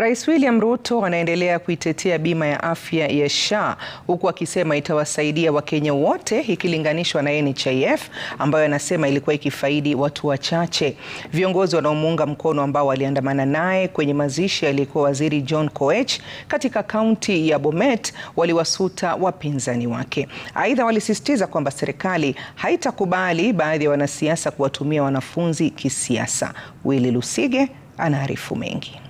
Rais William Ruto anaendelea kuitetea bima ya afya ya SHA huku akisema itawasaidia Wakenya wote ikilinganishwa na NHIF ambayo anasema ilikuwa ikifaidi watu wachache. Viongozi wanaomuunga mkono ambao waliandamana naye kwenye mazishi aliyekuwa Waziri John Koech katika kaunti ya Bomet waliwasuta wapinzani wake. Aidha, walisisitiza kwamba serikali haitakubali baadhi ya wanasiasa kuwatumia wanafunzi kisiasa. Willy Lusige anaarifu mengi.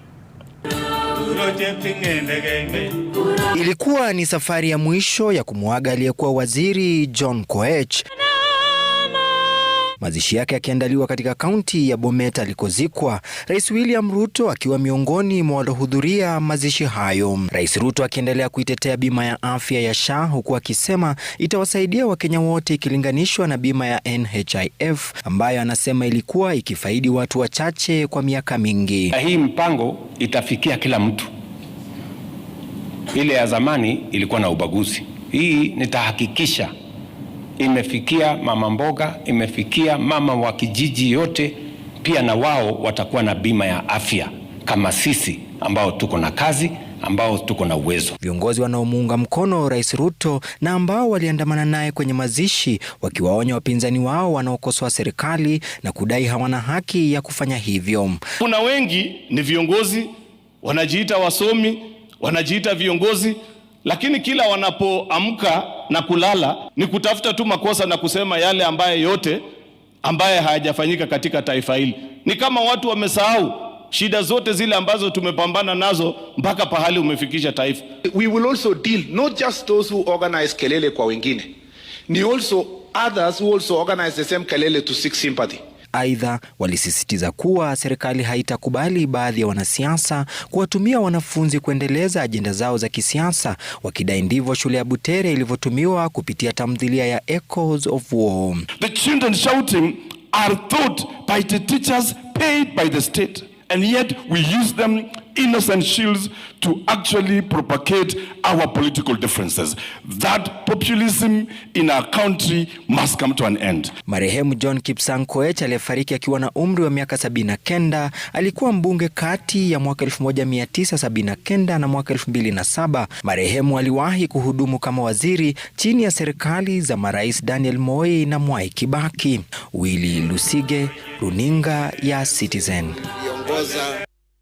Ilikuwa ni safari ya mwisho ya kumwaga aliyekuwa waziri John Koech. Mazishi yake yakiandaliwa katika kaunti ya Bomet alikozikwa, Rais William Ruto akiwa miongoni mwa waliohudhuria mazishi hayo. Rais Ruto akiendelea kuitetea bima ya afya ya SHA huku akisema itawasaidia Wakenya wote ikilinganishwa na bima ya NHIF ambayo anasema ilikuwa ikifaidi watu wachache kwa miaka mingi. Hii mpango itafikia kila mtu. Ile ya zamani ilikuwa na ubaguzi. Hii nitahakikisha imefikia mama mboga, imefikia mama wa kijiji yote. Pia na wao watakuwa na bima ya afya kama sisi ambao tuko na kazi ambao tuko na uwezo. Viongozi wanaomuunga mkono Rais Ruto na ambao waliandamana naye kwenye mazishi wakiwaonya wapinzani wao wanaokosoa serikali na kudai hawana haki ya kufanya hivyo. Kuna wengi ni viongozi wanajiita wasomi, wanajiita viongozi, lakini kila wanapoamka na kulala ni kutafuta tu makosa na kusema yale ambaye yote ambaye hayajafanyika katika taifa hili. Ni kama watu wamesahau shida zote zile ambazo tumepambana nazo mpaka pahali umefikisha taifa. We will also deal not just those who organize kelele kwa wengine, ni also others who also organize the same kelele to seek sympathy. Aidha, walisisitiza kuwa serikali haitakubali baadhi ya wanasiasa kuwatumia wanafunzi kuendeleza ajenda zao za kisiasa, wakidai ndivyo shule ya Butere ilivyotumiwa kupitia tamthilia ya Echoes of War. The children shouting are taught by the teachers paid by the state and yet we use them innocent shields to actually propagate our political differences. That populism in our country must come to an end. Marehemu John Kipsang Koech aliyefariki akiwa na umri wa miaka kenda alikuwa mbunge kati ya mwaka elfu moja 1979 na mwaka elfu mbili na saba. Marehemu aliwahi kuhudumu kama waziri chini ya serikali za marais Daniel Moi na Mwai Kibaki. Willy Lusige, Runinga ya Citizen.